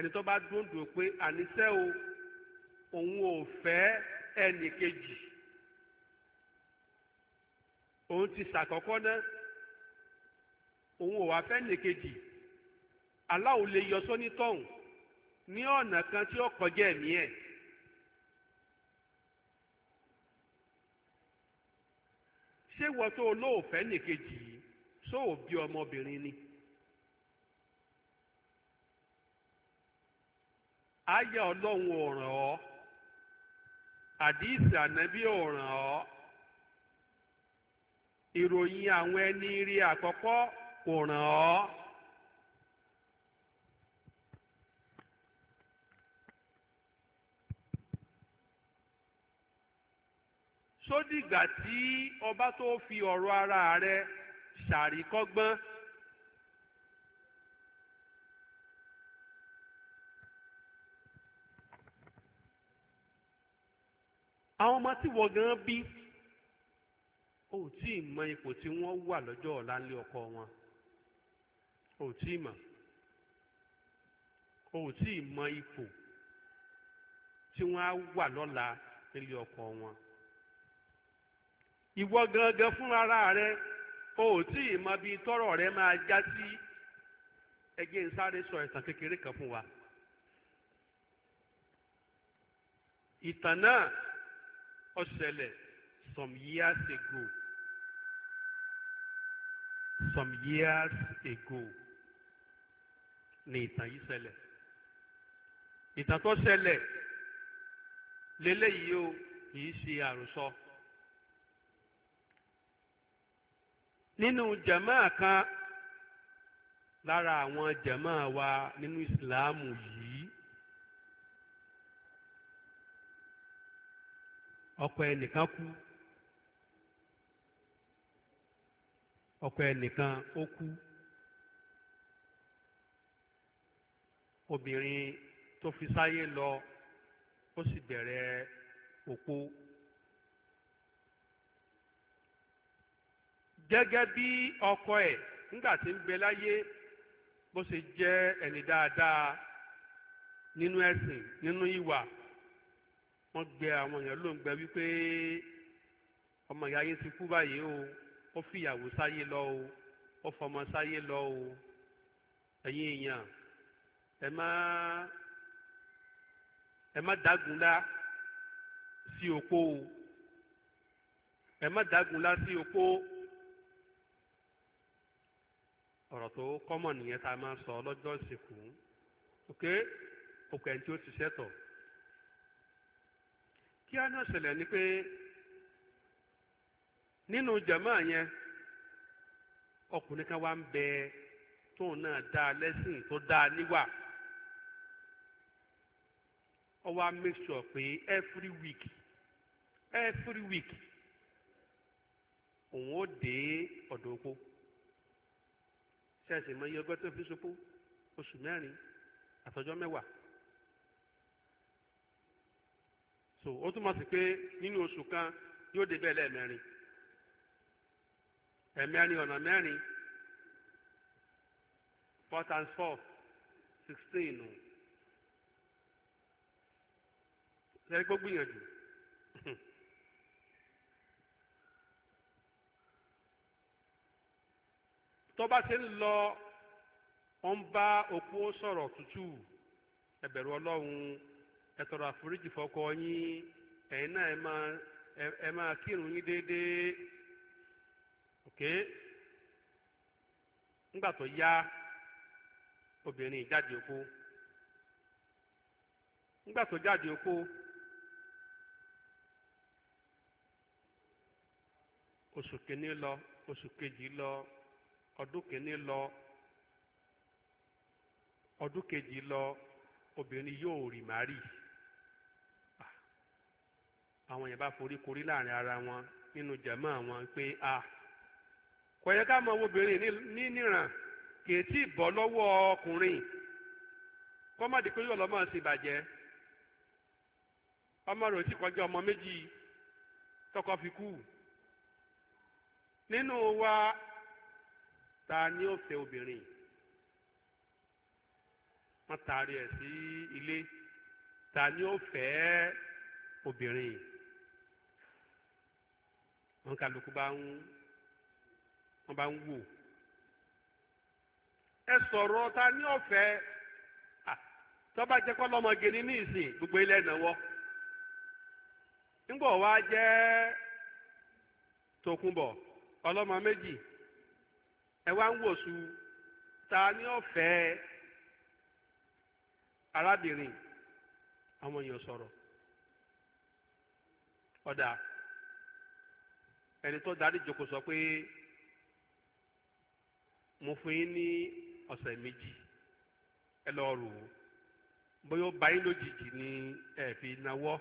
ẹni tó bá dúndùn pé àníṣe o òun ò fẹ́ ẹnì kejì òun ti ṣàkọ́kọ́ náà òun ò wá fẹ́ ẹnì kejì aláwo lè yọ sónítọ̀hún ní ọ̀nà kan tí ó kọjá ẹ̀mí ẹ̀. ṣé wọ́n tó olóòfẹ́ nìkejì yìí sóò bí ọmọbìnrin ni. So, àyà ọlọ́run ò ràn ọ́ àdìsí ànábì ò ràn ọ́ ìròyìn àwọn ẹni rí àkọ́kọ́ kò ràn ọ́. sódìgbà tí ọba tó fi ọ̀rọ̀ ara rẹ̀ ṣàríkọ́gbọ́n àwọn ọmọ tí wọ́n gan bí ò tí ì mọ ipò tí wọ́n wà lọ́jọ́ ọ̀la ńlé ọkọ wọn ò tí ì mọ̀ ò tí ì mọ ipò tí wọ́n á wà lọ́la nílé ọkọ wọn ìwọ gangan fúnra rẹ o ò tí ì mọ bí tọ́rọ̀ rẹ máa já sí ẹgbẹ́ nsáré sọ ìtàn kékeré kan fún wa ìtàn náà ó some years ago some years ago ni ìtàn yìí ṣẹlẹ̀ ìtàn tó ṣẹlẹ̀ lélẹ́yìí o kìí ṣe àròsọ. nínú jàmáà kan lára àwọn jàmáà wa nínú ìsìláàmù yìí ọkọ ẹnìkan kú ọkọ ẹnìkan ó kú obìnrin tó fi sáyé lọ ó sì bẹ̀rẹ̀ òpó. gẹ́gẹ́ bí ọkọ ẹ̀ nígbà tí ń gbẹ láyé bó ṣe jẹ́ ẹni dáadáa nínú ẹ̀sìn nínú ìwà wọ́n gbé àwọn èèyàn ló ń gbẹ wípé ọmọ ìyá yín ti kú báyìí o ó fìyàwó sáyé lọ o ó fọmọ sáyé lọ o ẹ̀yin èèyàn ẹ má ẹ má dágunlá sí opó o ẹ má dágunlá sí opó ọ̀rọ̀ tó kọ́mọ̀ nìyẹn tá a máa sọ lọ́jọ́ ìsìnkú ok òkè ẹni tí ó ti ṣẹ́tọ̀. kí á náà ṣẹlẹ̀ ni pé nínú jàmá yẹn ọkùnrin kan wá ń bẹ tóun náà dáa lẹ́sìn tó dáa níwà ọ wá make sure pé every week every week òun ó dé ọ̀dọ̀ oko ṣẹ́ẹ̀sì mọ iye ọgbẹ́ tó fi sopó oṣù mẹ́rin àtọjọ́ mẹ́wàá so ó túmọ̀ sí pé nínú oṣù kan yóò débẹ̀ lẹ́ẹ̀mẹrin ẹ̀mẹrin ọ̀nà mẹ́rin four times four sixteen nù lẹ́yìn gbogbo ìyànjú tó bá ti ń lọ ó ń bá opó sọ̀rọ̀ tútù ẹ̀bẹ̀rù ọlọ́run ẹ tọrọ àforíjì fọ́kọ yín ẹ̀yin náà ẹ máa ẹ máa kírun yín déédéé ok nígbà tó yá obìnrin jáde oko nígbà tó jáde oko oṣù kìíní lọ oṣù kejì lọ ọdún kìíní lọ ọdún kejì lọ obìnrin yóò rì àwọn èèyàn bá forí korí láàrin ara wọn nínú jàmáà wọn pé a kò yẹ ká mọ obìnrin ní níran kì í tí ì bọ́ lọ́wọ́ ọkùnrin kọ́mọ̀dé pé yóò lọ́mọ sí ìbàjẹ́ ọmọ rẹ̀ ò tí kọjá ọmọ méjì tọkọ fi kú nínú wa ta ni ó fẹ́ obìnrin wọ́n taari ẹ̀ sí ilé ta ni ó fẹ́ obìnrin. wọn kálukú bá ń wọn bá ń wò ẹ sọ̀rọ̀ ta ní ọ̀fẹ́ tọ́ba jẹ́ kọ́ lọ́mọge ní nísìn gbogbo ilé ẹ̀nàwọ́ ńgbọ̀ wá jẹ́ tòkunbọ̀ ọlọ́mọ méjì ẹ wá ń ni ta ní ọ̀fẹ́ arábìnrin àwọn èèyàn sọ̀rọ̀ ọ̀dà. ẹni tó darí ìjókòó sọ pé mo fún yín ní ọ̀sẹ̀ méjì ẹ lọ rò ó bóyá ba bá yín lójijì ní ẹ lọ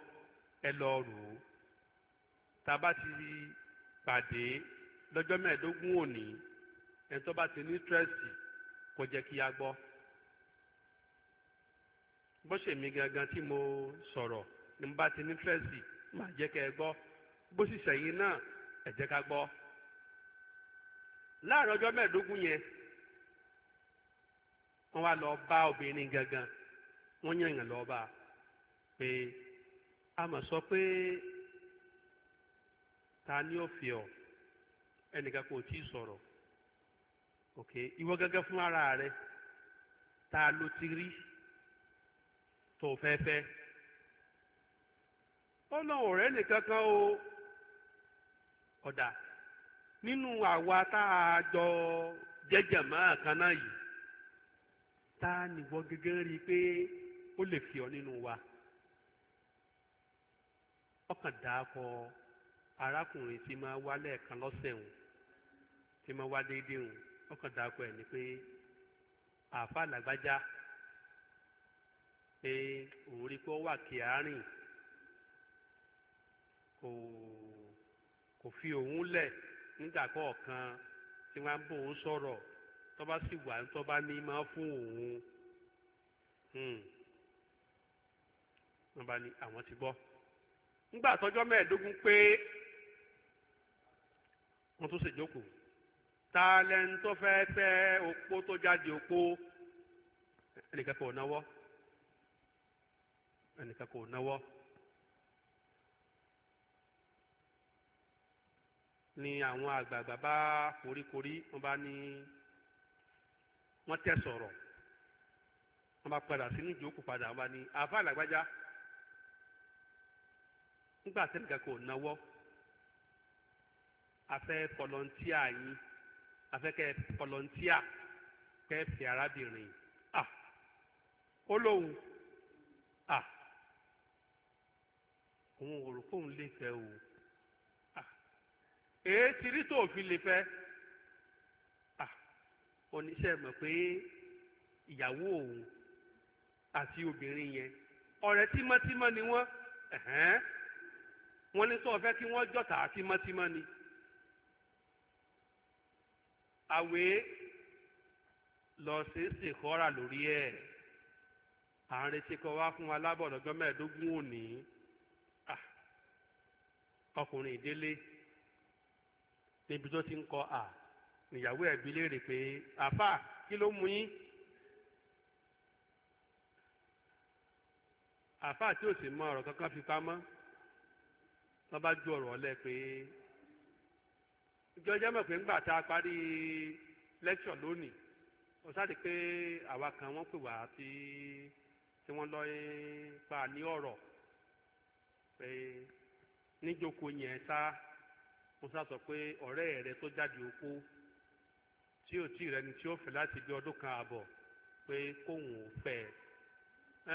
rò ó Taba ti pàdé lọ́jọ́ mẹ́ẹ̀ẹ́dógún òní ẹni bá ti ní tírẹ́sì kó jẹ́ kí a mi gangan tí mo ni ti ní tírẹ́sì máa jẹ́ kẹ́ ẹ bó sì ẹ jẹ́ ká gbọ́ láàrin ọjọ́ mẹ́ẹ̀ẹ́dógún yẹn wọ́n wá lọ bá obìnrin gangan wọ́n yàn yàn lọ bá pé a mọ̀ sọ pé ta ni ó fi ọ ẹnìkan kò tí ì sọ̀rọ̀ ok ìwọ gẹ́gẹ́ fún ara rẹ ta ló ti rí tó fẹ́fẹ́ ó lọ ọ̀rẹ́ nìkan kan o. ọ̀dà nínú àwa tá a jọ jẹ́jẹ̀ máa kan náà yìí tá a nìwọ gẹ́gẹ́ rí i pé ó lè fi ọ nínú wa ọkàn dàákọ arákùnrin tí máa wá lẹ́ẹ̀kan lọ́sẹ̀ òun tí máa wá déédéé òun ọkàn dàákọ ẹ̀ ni pé àáfàá làgbájá pé òun rí i pé ó wà kí àárín kò. kò fi òun lẹ̀ nígbà kọ̀ọ̀kan tí wọ́n á bò sọ̀rọ̀ tó sì wà ma bá ní máa fún òun hmm. wọ́n bá ní ti gbọ́ nígbà tọ́jọ́ mẹ́ẹ̀ẹ́dógún pé wọ́n tún ṣèjókòó ta lẹ́nu tó fẹ́ fẹ́ opó tó jáde opó ẹnìkan kò ẹnìkan ni àwọn àgbààgbà bá koríkorí wọ́n bá ní wọ́n tẹ̀ sọ̀rọ̀ wọ́n bá padà sínú ìjókòó padà wọ́n bá ní àfa làgbájá nígbà tẹ́lẹ̀ kò náwó afẹ́ fọlọ́ntíà yín afẹ́ kẹ́ fọlọ́ntíà kẹ́ fi arábìnrin à ó lóun à òun ò rò pé òun lè fẹ́ o èé ti rí tó fi lè fẹ́ oníṣẹ́ mọ̀ pé ìyàwó òun àti obìnrin yẹn ọ̀rẹ́ tímọ́tímọ́ ni wọ́n wọ́n ní sọ fẹ́ kí wọ́n jọ̀tà tímọ́tímọ́ ni àwẹ̀ lọ sí ṣèkọ́ra lórí ẹ̀ à ń retí kọ́ wá fún wa lábọ̀ lọ́jọ́ mẹ́ẹ̀ẹ́dógún òní ọkùnrin ìdílé níbi tó ti ń kọ à níyàwó ẹ̀bí léèrè pé àfà kí ló mú yín àfà tí ò sì mọ ọ̀rọ̀ kankan fi pamọ́ wọ́n bá ju ọ̀rọ̀ ọ̀lẹ́ pé ìjọ jẹ́ mọ̀ pé ńgbà tá a parí lẹ́kṣọ̀ lónìí ó sáré pé àwa kan wọ́n pè wá tí tí wọ́n lọ pa ní ọ̀rọ̀ pé níjókòó yẹn sáà mo sá sọ pé ọ̀rẹ́ rẹ tó jáde òkú tí ò tí rẹ ni tí ó fẹ́ láti bí ọdún kan àbọ̀ pé kóun ò fẹ́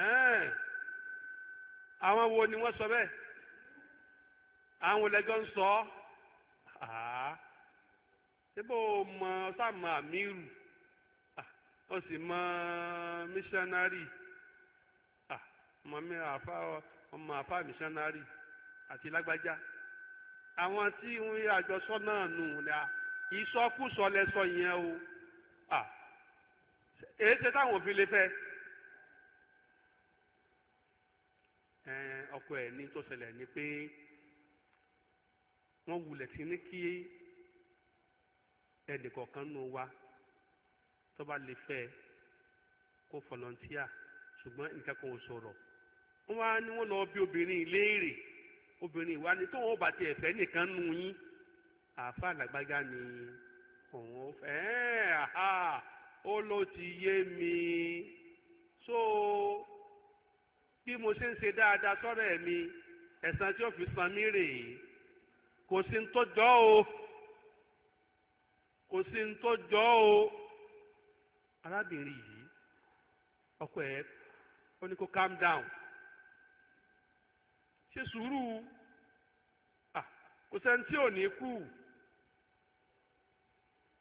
ẹ̀ àwọn wo ni wọ́n sọ bẹ́ẹ̀ àwọn olẹ́jọ́ ń sọ ọ́ síbò mọ sàmà mírù ó sì mọ mísánárì ọmọ àfa mísánárì àti lágbájá àwọn tí ń àjọsọ náà nù la ìsọkúsọ lẹsọ yẹn o èyí ṣe táwọn òfin lè fẹ́ ọkọ ẹ̀ ní tó ṣẹlẹ̀ ni pé wọ́n wulẹ̀ ti ní kí ẹnìkọ̀ọ̀kan nù wa tó bá lè fẹ́ kó volunteer ṣùgbọ́n nǹkan kan ò sọ̀rọ̀ wọ́n wá ní wọ́n lọ bí obìnrin léèrè obìnrin ìwà ni tóun ọba tiẹ̀ fẹ́ nìkan nù yín àáfà làgbájá ni òun ò fẹ́ ó ló ti yé mi so bí mo ṣe ń ṣe dáadáa sọ́rọ̀ ẹ̀ mi ẹ̀san tí ó fi san mí rèé kò sí ń tó jọ́ o kò sí ń tó jọ́ o arábìnrin yìí ọkọ ẹ̀ ó ní kó calm down. ṣe sùúrù kò sẹ́ni tí ò ní kú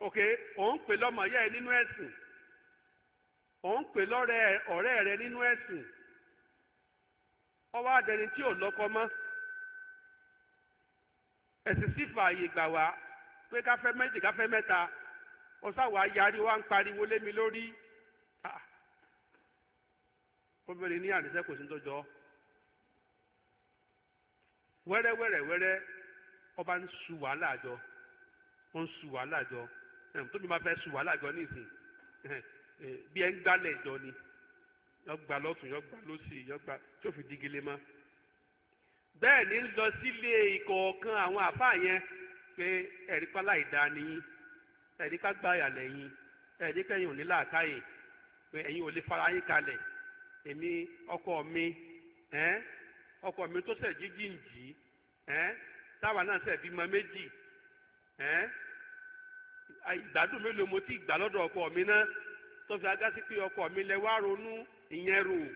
òkè òun pè lọ́mọ yẹ́ ẹ nínú ẹ̀sìn òun pè lọ́rẹ́ ọ̀rẹ́ rẹ nínú ẹ̀sìn ọwọ́ adẹni tí ò lọ́kọ mọ́ ẹ̀sìn sì fààyè gbà wá pé káfẹ́ méjì káfẹ́ mẹ́ta ọ̀sáwà yarí wa ń pariwo lémi lórí obìnrin ní àdìsẹ́ kò sí wẹ́rẹ́wẹ́rẹ́wẹ́rẹ́ ọba ń su wàhálà àjọ ó ń su wàhálà àjọ tóbi máa fẹ́ su wàhálà àjọ nísìn bí ẹ ń gbálẹ̀ ìjọ ni yọ gbà lọ́tún yọ gbà lọ́sì yọ gbà tó fi digile mọ́ bẹ́ẹ̀ ni ń lọ sílé ìkọ̀ọ̀kan àwọn àfáà yẹn pé ẹ̀rípa láì dáa nìyí ẹ̀rípa gbá ìyàlẹ̀ yín ẹ̀rípa ẹ̀yìn ò ní làákàyè pé ẹ̀yin ò lè fara yín kalẹ̀ èmi ọkọ mi ẹ́ ọkọ mi tó sẹ jíjì ń táwa náà ṣẹ̀ bímọ méjì ẹ́n ìgbádùn mélòó mo ti gbà lọ́dọ̀ ọkọ mi náà tó fi agá sí pé ọkọ mi lẹ wá ronú ìyẹn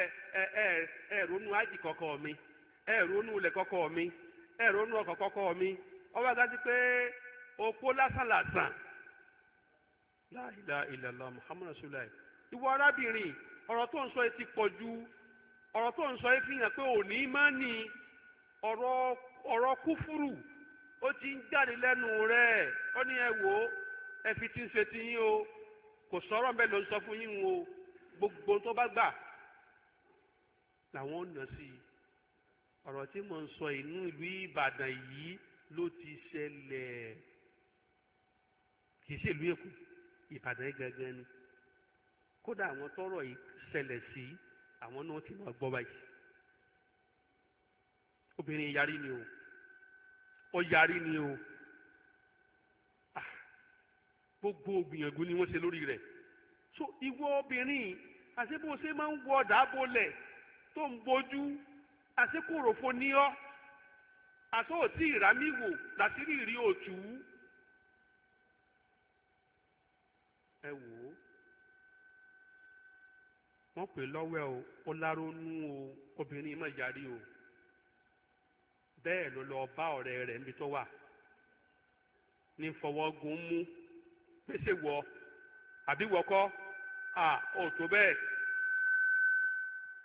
ẹ ẹ ẹ ẹ ronú kọkọ mi ẹ ronú ilẹ̀ kọkọ mi ẹ ronú ọkọ̀ kọkọ mi agá sí pé lásán lásán muhammadu ìwọ arábìnrin ọ̀rọ̀ ọ̀rọ̀ tó ń sọ yìí fi hàn pé òní máa ní ọ̀rọ̀ ọ̀rọ̀ kúfúrù ó ti ń jáde lẹ́nu rẹ̀ ó ní ẹ wò ó ẹ fi ti ń ṣe ti yín o kò sọ̀rọ̀ bẹ́ẹ̀ ló ń sọ fún yín o gbogbo tó bá gbà làwọn ò nà sí i ọ̀rọ̀ tí mo ń sọ inú ìlú Ìbàdàn yìí ló ti ṣẹlẹ̀ kì í ṣèlú Èkó Ìbàdàn gangan ni kódà àwọn tọ́rọ̀ yìí sí i àwọn náà ti máa gbọ́ báyìí obìnrin yarí ni o ó yarí ni o ah, gbogbo gbìyànjú ni wọ́n ṣe lórí rẹ̀ so ìwọ obìnrin àti bó ṣe máa ń wọ ọ̀dà bolẹ̀ tó ń bojú àti ní ọ́ àti òtí ìrámìwò láti rí ìrí ẹ wò ó wọ́n pè lọ́wẹ́ o ó láronú o obìnrin mọ̀ yarí o bẹ́ẹ̀ ló lọ bá ọ̀rẹ́ rẹ̀ níbi tó wà ní fọwọ́gun mú pèsè wọ àbí wọkọ́ à ò tó bẹ́ẹ̀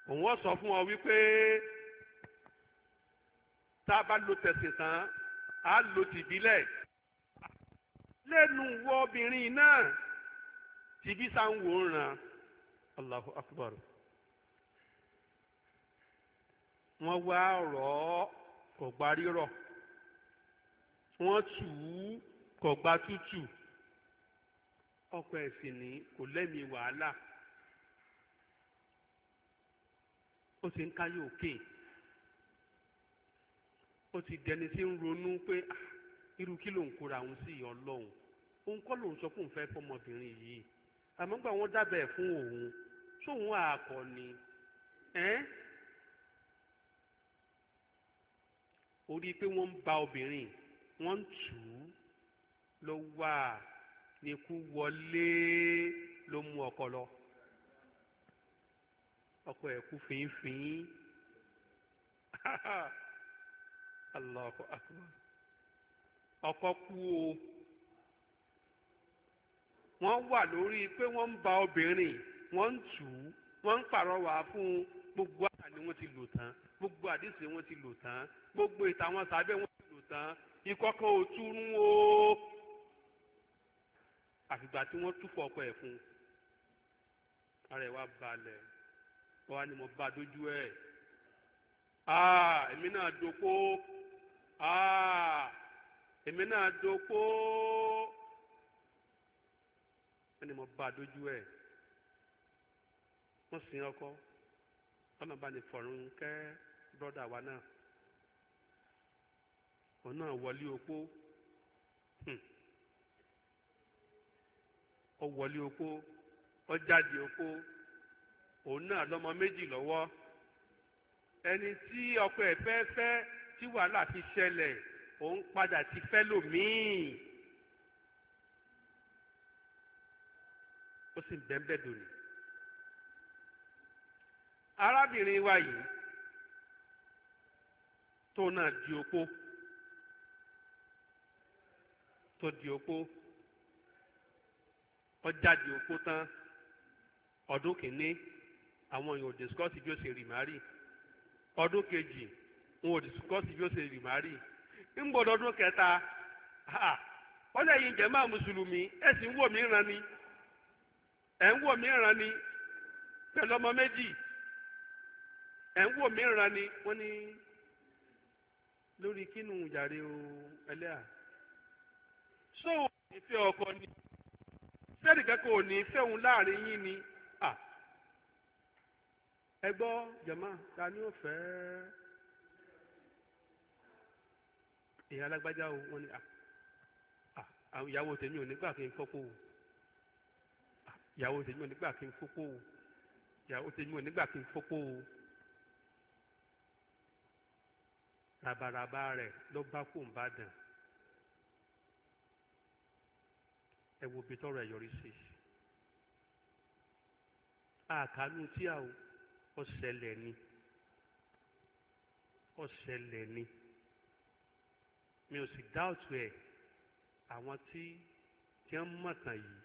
òun ó sọ fún ọ wípé tá a bá lo tẹ̀sìn tán a lo tìbílẹ̀ lẹ́nu wọ obìnrin náà tìbí sáà ń wò ó ràn án. Allahu akbar wọ́n wá rọ̀ ọ́ kò gba rírọ̀ kò lẹ́mìí wàhálà ó ti ń káyọ̀ òkè ó ti dẹni tí ń ronú pé irú kí ló ń kóra òun sí ọlọ́run òun kọ́ lòun sọ pé òun fẹ́ fọmọbìnrin yìí àmọ́ gbà wọ́n dábẹ́ fún òun sóhun àkọ́ni ẹ́n orí pé wọ́n ń ba obìnrin wọ́n ń tù ú ló wà ní kú wọlé ló mú ọkọ lọ ọkọ ẹ̀ kú fínfín Allahu akbar ọkọ kú o wọ́n wà lórí pé wọ́n ń ba obìnrin wọ́n ń tù ú wọ́n ń pàrọwà fún gbogbo àṣà ni wọ́n ti lò tán gbogbo àdìsí wọ́n ti lò tán gbogbo ìtàwọn sábẹ́ wọ́n ti lò tán ìkọ̀kọ̀ ò túrún o àfìgbà tí wọ́n túfọ̀ ọkọ ẹ̀ fún un ara ẹ̀ wá balẹ̀ wá ni mo bá dójú ẹ̀ èmi náà dopó èmi náà dopó wá ni mo bá dójú ẹ̀ wọ́n sin ọkọ ọ̀nà bá ní fọ̀rùn kẹ́ brọ́dà wa náà òun náà wọlé opó hmm. ó wọlé opó ó jáde opó òun náà lọ́mọ méjì lọ́wọ́ ẹni tí ọkọ ẹ̀ fẹ́ fẹ́ tí wàhálà fi ṣẹlẹ̀ òun padà ti fẹ́ lòmíì ó sì ń bẹ́ẹ̀ bẹ́ẹ̀ dòní. arábìnrin wa yìí tó náà di opó tó di opó ọjà di opó tán ọdún kìíní àwọn èèyàn ò bí ó ṣe ọdún kejì wọn ò discuss bí ó ṣe remarry ń ọdún kẹta ọlẹ́ yìí jẹ́ máa mùsùlùmí ẹ sì ń wò mí ràn ni ọmọ méjì ẹ̀ ń wò mí ni wọ́n ní lórí kínú yàrá o ẹlẹ́à so ìfẹ́ ọkọ ni sẹ́ẹ̀dì kankan ò ní fẹ́ òun láàrin yín ni ẹ gbọ́ jàmá ta ni ó fẹ́ èèyàn alágbájá o wọ́n ní àwọn ìyàwó tèmi ò nígbà kí n fọ́pọ̀ o ìyàwó tèmi ò nígbà kí n o ìyàwó tèmi ò nígbà kí n o. rabaraba rẹ̀ ló bá kù ń bàdàn ẹ wo ibi tọrọ ẹ yọrí sí àkànú tí a ò ọ̀sẹ̀lẹ̀ ni ọ̀sẹ̀lẹ̀ ni mi ò sì dáòtù ẹ̀ àwọn tí tí ń mọ̀tàn yìí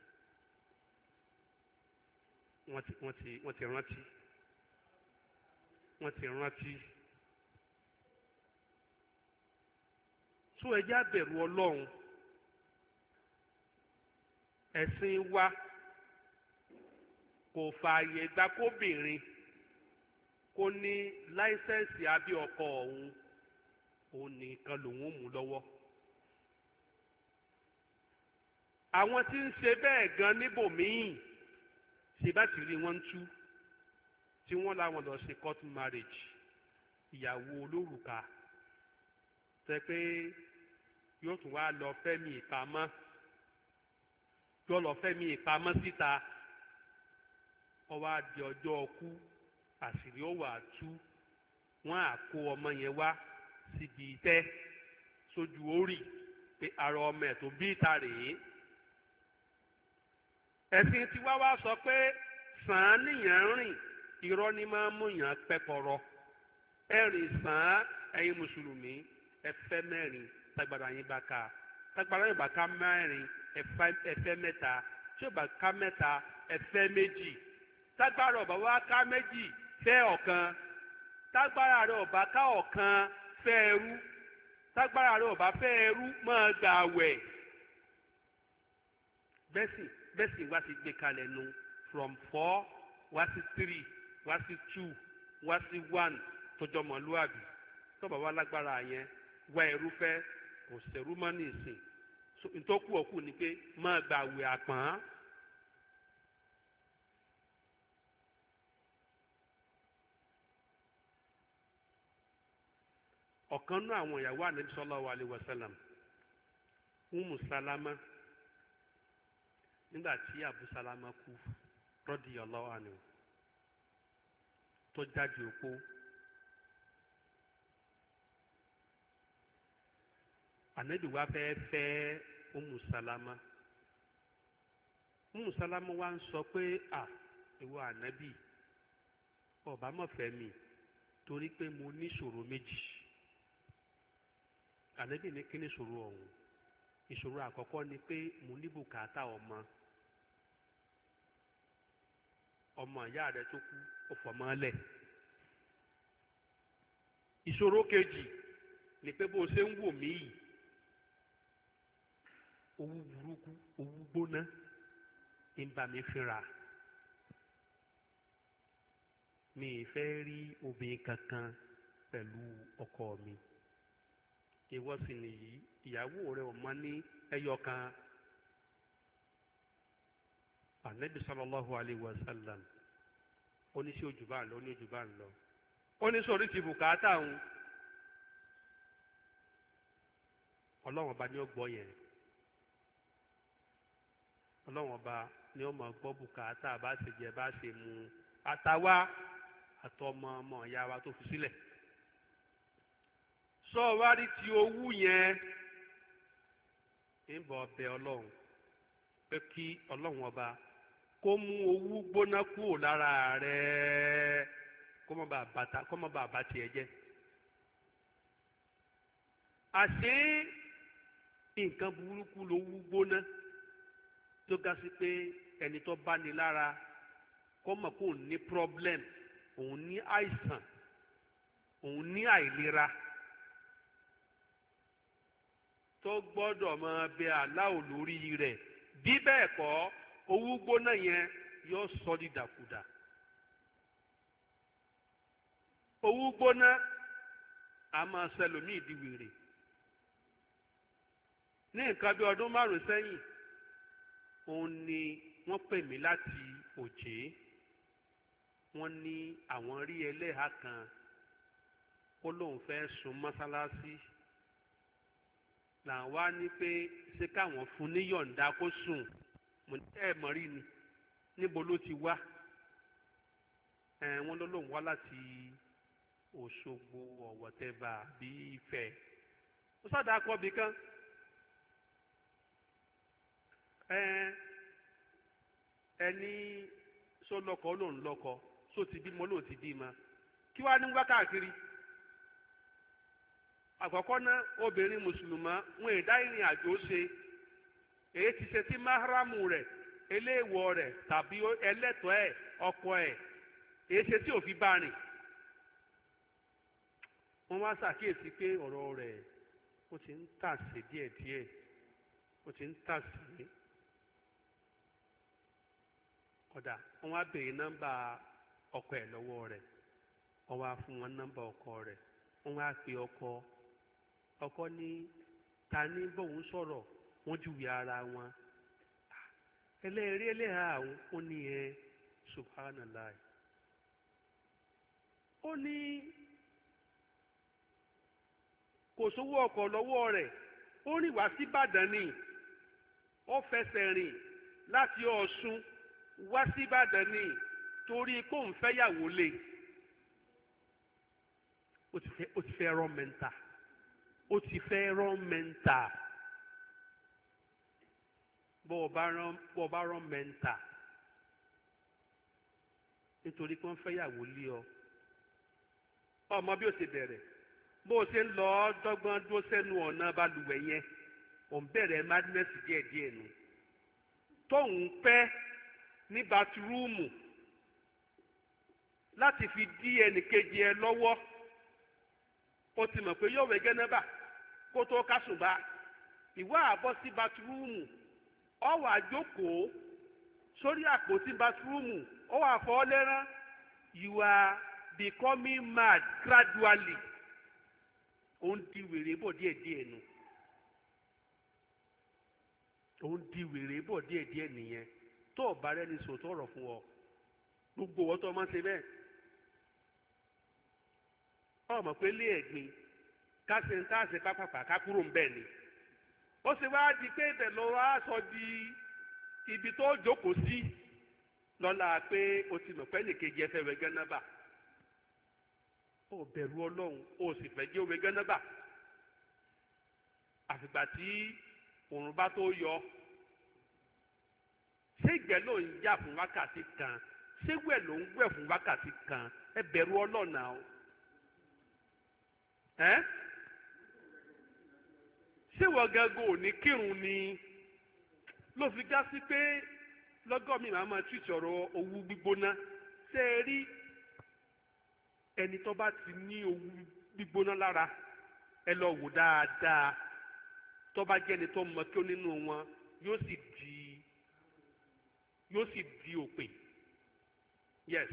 wọ́n ti wọ́n ti wọ́n ti rántí wọ́n ti rántí. so ẹ jẹ́ àbẹ̀rù ọlọ́run ẹ̀sìn wa kò fààyè gba kóbìnrin kó ní láísẹ̀nsì abẹ́ ọkọ òun òun nìkan lòun mú lọ́wọ́. àwọn tí ń ṣe bẹ́ẹ̀ gan níbòmíì ṣe bá ti rí wọn tú tí wọ́n láwọn lọ ṣe court marriage ìyàwó olórùka tẹ pé yóò tún wá lọ fẹ́mi ìpamọ́ yóò lọ fẹ́mi ìpamọ́ síta ọwọ́ àdì ọjọ́ ọkú àṣírí ó wà tú wọ́n á kó ọmọ yẹn wá síbi ìtẹ́ sójú orí pé ara ọmọ ẹ̀ tó bí ìta rèé ẹ̀sìn tiwa wá sọ pé sàn án nìyẹn rìn irọ́ ni máa ń mú yàn pẹ́kọ̀rọ̀ ẹ̀rìn sàn án ẹ̀yin mùsùlùmí ẹ fẹ́ mẹ́rin tágbára yín bá ká tágbára yín bá ká mẹ́rin tí ó bá ká mẹ́ta ẹ̀fẹ́ méjì tágbára ọ̀bá wá ká méjì fẹ́ ọ̀kan tágbára rẹ̀ ọ̀bá ká ọ̀kan fẹ́ ẹrú tágbára rẹ̀ ọ̀bá fẹ́ ẹrú máa gbà wẹ̀ bẹ́sìn bẹ́sìn wá sí gbé kalẹ̀ nu from four wá sí three wá sí two wá sí one tọjọ́ mọ̀lúàbí tọ́ba wa lágbára yẹn wá ẹrú fẹ́ kò sẹ̀rú mọ́ ní ìsìn ntọ́kù ọ̀kù ni pé máa gba àwẹ̀ àpọ́n. ọ̀kan náà àwọn ìyàwó ànábì sallallahu alaihi wasallam umu salama nígbà tí abu salama kú radiyallahu anhu tó jáde òpó ànábì wa fẹ́ fẹ́ umu salama umu salama wa ń sọ pé à ìwọ ànábì ọba mọ̀fẹ́ mi torí pé mo ní ìṣòro méjì ànábì ní kí ni ìṣòro ọ̀hún ìṣòro ni pé mo ní bùkátà ọmọ ọmọ ìyá rẹ tó kú ó kejì ni pé bó o ṣe ń wò mí yìí owó burúkú owó gbóná ń bá mi fínra mi ì fẹ́ rí obìnrin kankan pẹ̀lú ọkọ mi ìwọ sì nìyí ìyàwó rẹ ò mọ ní ẹyọ kan anabi sallallahu alayhi wa sallam oníṣẹ́ òjùbá ń lọ oníṣòjùbá ń lọ oníṣẹ́ oríṣi bùkátà ń ọlọ́run ọba ni ó yẹn ọlọ́run ọba ni ó máa gbọ́ bùkátà bá ṣe jẹ bá ṣe mu àtàwa àtọmọ ọmọ ìyá wa tó fi sílẹ̀ sọ wá rí ti owú yẹn ń bọ̀ ọbẹ̀ ọlọ́run pé kí ọlọ́run ọba kó mú owú gbóná kúrò lára rẹ̀ kó má bàa bàtà kó má jẹ́ àṣé nǹkan burúkú ló gbóná tó ga sí pé ẹni tó bá ní lára kọ́ mọ̀ kó ní problem òun ní àìsàn òun ní àìlera tó gbọ́dọ̀ máa bẹ aláwò lórí rẹ̀ bí bẹ́ẹ̀ kọ́ owó gbóná yẹn yóò sọ di dàkúdà owó gbóná a máa ṣẹlòmíì di wèrè ní nǹkan bí ọdún márùn sẹ́yìn òun ni wọ́n pè mí láti òjé wọ́n ní àwọn rí ẹlẹ́hà kan ó lóun fẹ́ sun mọ́sálásí là ń wá ní pé ṣé káwọn fún ní yọ̀ǹda kó sùn mo ní ẹ̀ mọ̀ rí ni níbo ló ti wá ẹ̀ wọ́n ló lóun wá láti Òṣogbo ọ̀wọ̀tẹ́bà bíi Ifẹ̀ ó sádà kọ́ bìkan. ẹni sọ lọkọ lòun lọkọ sọ ti bímọ lòun ti bímọ kí wàá ní wákàkiri àkọ́kọ́ ná obìnrin mùsùlùmá wọn ì dá ìrìn àjò ṣe èyí ti ṣe tí máhàrámù rẹ̀ eléèwọ̀ rẹ̀ tàbí ọkọ ẹ̀ èyí ṣe tí òfin bá rìn wọ́n wá ṣàkíyèsí pé ọ̀rọ̀ rẹ̀ ó ti ń tàsé díẹ̀díẹ̀ ó ti ń ọ̀dà wọ́n á béèrè nọmba ọkọ ẹ lọ́wọ́ rẹ, wọ́n wá fún wọn nọ́mbà ọkọ rẹ, wọ́n á pe ọkọ ọkọ ní ta ní bóun sọ̀rọ̀ wọ́n júwe ara wọn ẹlẹ́rìí ẹlẹ́hà àwọn ó ní ẹ subhanallah ó ní kò sówó ọkọ̀ lọ́wọ́ rẹ̀ ó rìn wá sí Ìbàdàn ni ó fẹsẹ̀ rìn láti Ọ̀ṣun. wá sí Ìbàdàn ni torí kó ń fẹ́yàwó lé o ti fẹ́ rán mẹ́ta o ti fẹ́ rán mẹ́ta bọ́ ọ bá rán mẹ́ta nítorí kí wọ́n fẹ́yàwó lé ọ ọmọ bí o ṣe bẹ̀rẹ̀ bó o ṣe ń lọ dọ́gbọ́n dúró sẹ́nu ọ̀nà balùwẹ̀ yẹn ò ń bẹ̀rẹ̀ madness díẹ̀díẹ̀ nu tóun pẹ́. ní bàtírúùmù láti fi dí ẹnìkejì ẹ lọ́wọ́ o ti mọ̀ pé yóò wẹ̀ gẹ́nẹ́bà kó tó kásùnbà ìwọ àbọ̀ sí bàtírúùmù ọ wà jókòó sórí àpótí bàtírúùmù ọ wà fọ́ lẹ́rán you are becoming mad gradually ó ń di wèrè bọ̀ díẹ̀díẹ̀ di wèrè tó o bá rẹ́ni sòótọ́ ọ̀rọ̀ fún ọ gbogbo wọn tó o máa ṣe bẹ́ẹ̀ ọmọ pé lé ẹ̀gbin káṣe ń káṣe pápápá kákúrò ń bẹ̀ ni ó sì wá di pé ibẹ̀ ló wá sọ di ibi tó jókòó sí lọ́la pé o ti mọ̀ pé nìkejì ẹ fẹ́ wẹ gẹ́nàbà ó bẹ̀rù ọlọ́run ó sì fẹ́ jẹ́ wẹ gẹ́nàbà àfìgbà tí òòrùn bá tó yọ ṣégbẹ́ ló ń yà fún wákàtí kan ṣégbẹ́ ló ń wẹ̀ fún wákàtí kan ẹ bẹ̀rù ọlọ́ọ̀nà o ẹ́ ṣé wọ́n gángan ò ní kírun ni ló fi já sí pé lọ́gọ́ mi màá máa túìtì ọ̀rọ̀ owú gbígbóná ṣé ẹ rí ẹni tó bá ti ní owú gbígbóná lára ẹ lọ wò dáadáa tó bá jẹ́ ẹni tó mọ kí ó nínú wọn yóò sì di yóò sì di òpin yes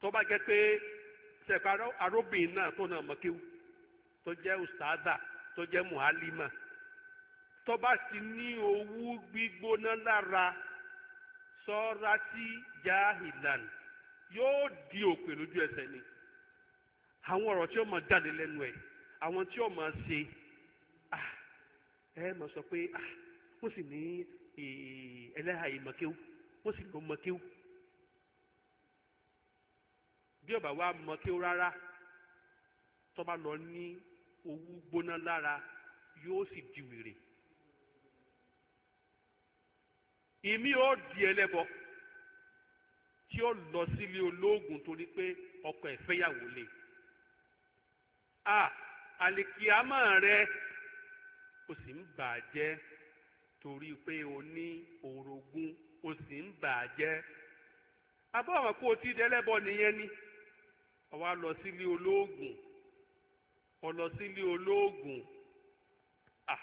tó bá jẹ́ pé na arábìnrin náà tó náà mọ̀kéwù tó jẹ́ ustaada tó muhalima tó bá ti ní owú gbígbóná lára sọ́ra sí jahilan yóò di òpin lójú ẹsẹ̀ ni àwọn ọ̀rọ̀ tí ó máa jáde lẹ́nu ẹ̀ àwọn tí ó máa ṣe ah, ẹ máa sọ pé ah, wọ́n sì ní ẹlẹ́hà ìmọ̀kéwú ó sì ló mọ̀kéwú bí ọba wa mọ̀kéwú rárá tó bá lọ ní owó gbóná lára yóò sì di wèrè ìmí ó di ẹlẹ́bọ tí ó lọ sílé olóògùn torí pé ọkọ ẹ̀ fẹ́yàwó lé a àlìkìámọ̀ rẹ o sì ń bà jẹ́ torí pé o ní orogún o sì ń bà á jẹ́ abọ́ àwọn kó o ti dẹ́lẹ́bọ nìyẹn ni ó lọ sílé olóògùn ó sílé olóògùn ah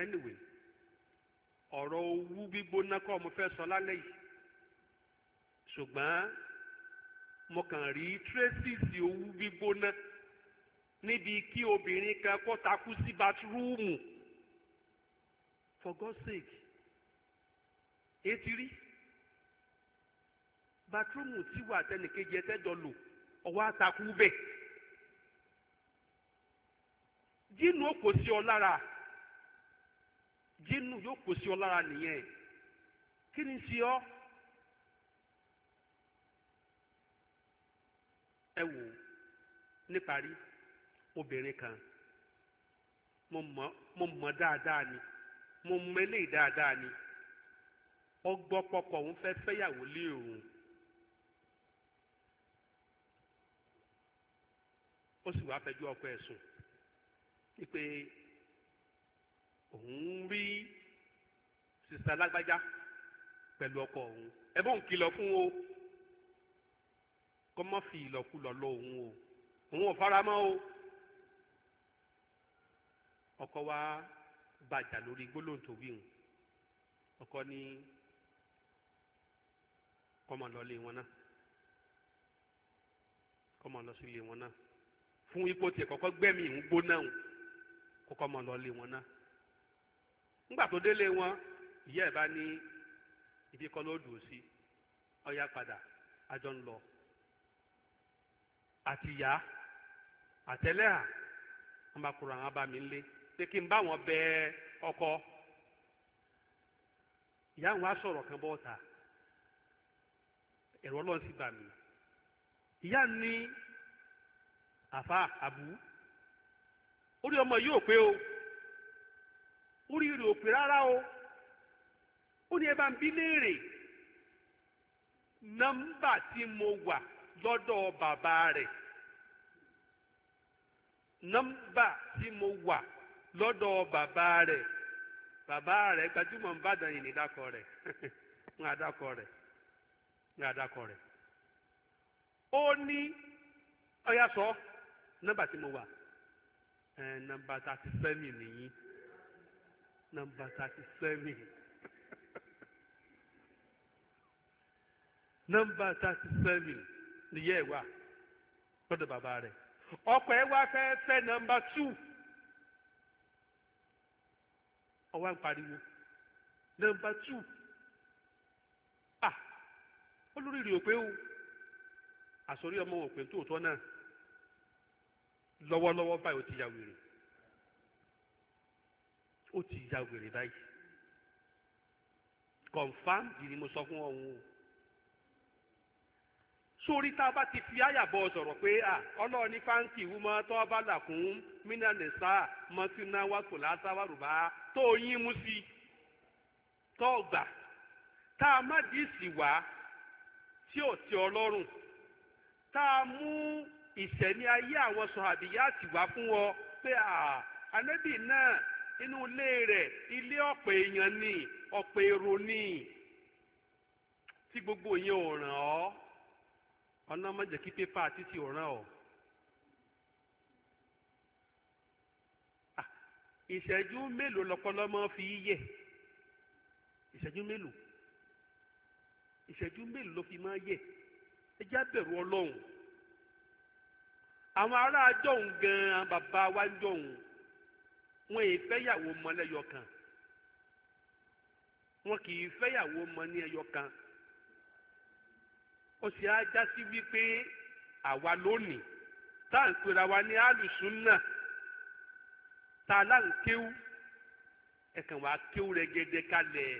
anyway ọ̀rọ̀ owú gbígbóná kọ́ mo fẹ́ sọ lálẹ́ yìí ṣùgbọ́n mo kàn rí tracy owú gbígbóná níbi kí obìnrin kan kó takú sí bathroomu for God's sake etiri rí bathroomu tí wà tẹnìkejì ẹtẹjọ lò ọwọ́ àtakú bẹ́ẹ̀ jínú ó kò sí ọ lára jínú yóò kò sí ọ lára nìyẹn kí ni sí ọ ẹ wò níparí obìnrin kan mo mọ̀ dáadáa ni mo mọ̀ eléyìí dáadáa ni ọgbọ́ pọkọ̀ òun fẹ́ fẹ́yàwó lé òun ó sì wáá fẹjọ́ ọkọ ẹ̀ sùn wípé òun rí sista lágbájá pẹ̀lú ọkọ òun ẹ bóun kìlọ̀ fún o kọ́ mọ́ fi ìlọ̀kulọ̀ lọ òun o òun ò fara mọ́ o. ọkọ wa bàjà lórí gbólóhùn tó wí ọkọ ní kọ́mọ wọn náà lọ sílé wọn náà fún ipò kọkọ kọ́kọ́ gbẹ́mí ń gbóná hùn wọn náà nígbà tó délé wọn ìyá ní ibi kọ ló dùn sí padà ń lọ àtìyá wọn bá kúrò àwọn pé kí n bá wọn bẹ ọkọ ìyá àwọn á sọ̀rọ̀ kan bọ́ ta ẹ̀rọ ọlọ́run sì bà mí ìyá ní àfa àbú orí ọmọ yìí ò pé o orí rẹ̀ ò pé rárá o ó ní ẹ bá ń bí léèrè nọ́mbà tí mo wà lọ́dọ̀ bàbá rẹ̀ nọ́mbà tí mo wà lọ́dọ̀ bàbá rẹ̀ bàbá rẹ̀ gbajúmọ̀ ń bàdàn yìí nídàkọ rẹ̀ ń àdàkọ rẹ̀ ń àdàkọ rẹ̀ ó ní ọyá sọ nọ́mbà tí mo wà ẹ nọ́mbà thirty seven nìyí nọ́mbà thirty seven nọ́mbà thirty seven nìyẹn wà lọ́dọ̀ bàbá rẹ̀ ọkọ ẹ wá fẹ́ fẹ́ nọ́mbà two ọwọ́ àpariwo nọmba tù à ah, olórí rè o àsọrí ọmọ òpin tòótọ́ náà lọ́wọ́lọ́wọ́ báyìí ó ti ya wèrè o ti ya wèrè báyìí confam yìí ni mo sọ fún ọ̀hún o. sórí tá a bá ti fi àyàbọ̀ sọ̀rọ̀ pé à ọlọ́run ní fáǹkì wúmọ́ tó bá là fún mínàlẹ́sà mọ́tínà wàkò látàwárùbá tó yín mú sí tó gbà tá a má dì dìísì wá tí ò ti ọlọ́run tá a mú ìṣẹ̀mí ayé àwọn sọ̀hàbíyá ti wá fún ọ pé à ànábì náà inú ilé rẹ̀ ilé ọ̀pọ̀ èèyàn ni ọ̀pọ̀ èrò ni tí gbogbo yẹn ò ràn ọ́. ọ̀nà má jẹ́ kí pépà títí ò rán ọ. ìṣẹ́jú mélòó lọ́pọlọ máa fi yẹ̀ ìṣẹ́jú mélòó ìṣẹ́jú mélòó ló fi máa yẹ̀ ẹ já bẹ̀rù ọlọ́run àwọn ará jọ̀hún gan-an bàbá wa ń jọ̀hún wọn èyí fẹ́yàwó mọ́ lẹ́yọ kan wọn kì í fẹ́yàwó mọ́ ní ẹyọ kan ó sì á já sí wípé àwa lónìí tá à ń pera wa ní alùsùnà tá a láǹ kéwú ẹ̀kàn wá kéwú rẹ̀gẹ̀dẹ̀ kalẹ̀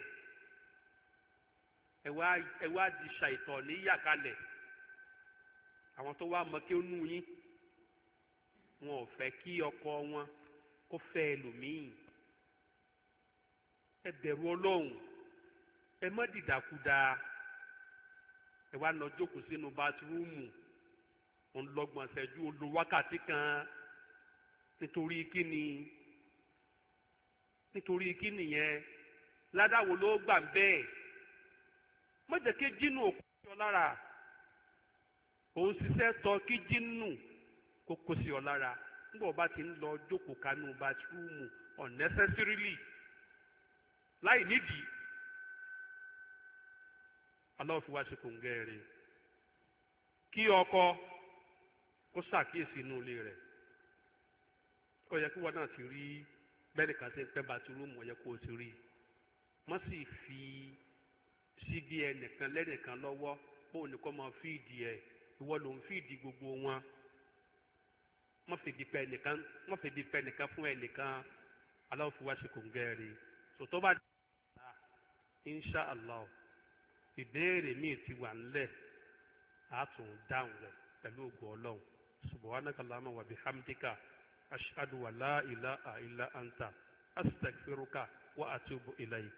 ẹ̀ wá ẹ̀ wá di ṣàìtọ̀ níyà kalẹ̀ àwọn tó wá mọ kéwú nù yín wọn ò fẹ́ kí ọkọ wọn kó fẹ́ ẹlòmíì ẹ bẹ̀rù ọlọ́run ẹ má dìdàkudà ẹ wá lọ jókòó sínú bátíwúmù ń lọ́gbọ̀n ṣẹ́jú ó lo wákàtí kan nítorí kí ni nítorí kí nìyẹn ládàwọ̀ ló gbà bẹ́ẹ̀ mọ̀jẹ̀kí jínú òkú sí ọ lára òun ṣiṣẹ́ tọ́ kí jínú kó kó sí ọ lára nígbà ọba ti ń lọ jókòó kanú bátíwúmù unnecessarily láì nídìí. aláwọ̀ fi wá sí rẹ̀ kí ọkọ kó ṣàkíyèsí inú ilé rẹ̀ ó yẹ kí wọn náà ti rí bẹ́ẹ̀ nìkan ṣe ti rí wọ́n sì fi síbi ẹnìkan lẹ́nìkan lọ́wọ́ pé òun nìkan máa fíìdì ẹ̀ ìwọ ló ń gbogbo wọn wọ́n fìdí pẹ́ nìkan wọ́n pẹ́ nìkan fún ẹnìkan fi wá sí kòǹgẹ́ rẹ̀ bá ìbéèrè míì ti wà ńlẹ̀ a tún dáhùn rẹ̀ pẹ̀lú ògo ọlọ́run subhanaka allahumma wa bihamdika ashhadu wa la ilaha illa anta astaghfiruka wa atubu ilayk.